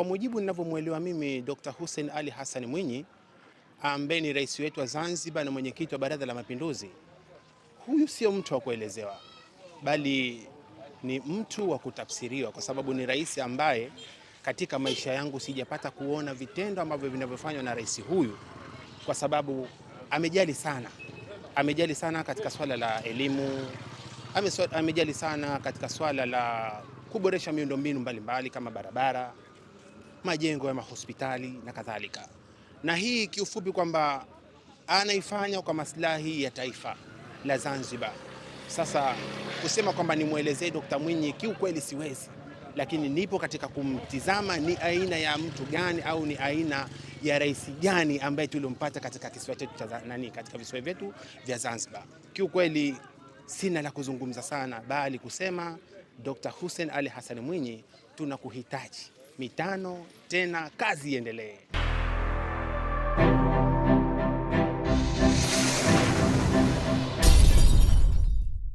Kwa mujibu ninavyomwelewa mimi, Dr. Hussein Ali Hassan Mwinyi ambaye ni rais wetu wa Zanzibar na mwenyekiti wa Baraza la Mapinduzi, huyu sio mtu wa kuelezewa, bali ni mtu wa kutafsiriwa, kwa sababu ni rais ambaye katika maisha yangu sijapata kuona vitendo ambavyo vinavyofanywa na rais huyu, kwa sababu amejali sana, amejali sana katika swala la elimu, amejali sana katika swala la kuboresha miundombinu mbalimbali kama barabara majengo ya mahospitali na kadhalika. Na hii kiufupi kwamba anaifanya kwa maslahi ya taifa la Zanzibar. Sasa kusema kwamba nimwelezee Dr. Mwinyi kiukweli siwezi, lakini nipo katika kumtizama ni aina ya mtu gani au ni aina ya rais gani ambaye tulimpata katika kisiwa chetu cha nani, katika visiwa vyetu vya Zanzibar. Kiukweli sina la kuzungumza sana, bali kusema Dr. Hussein Ali Hassan Mwinyi tunakuhitaji mitano tena, kazi iendelee.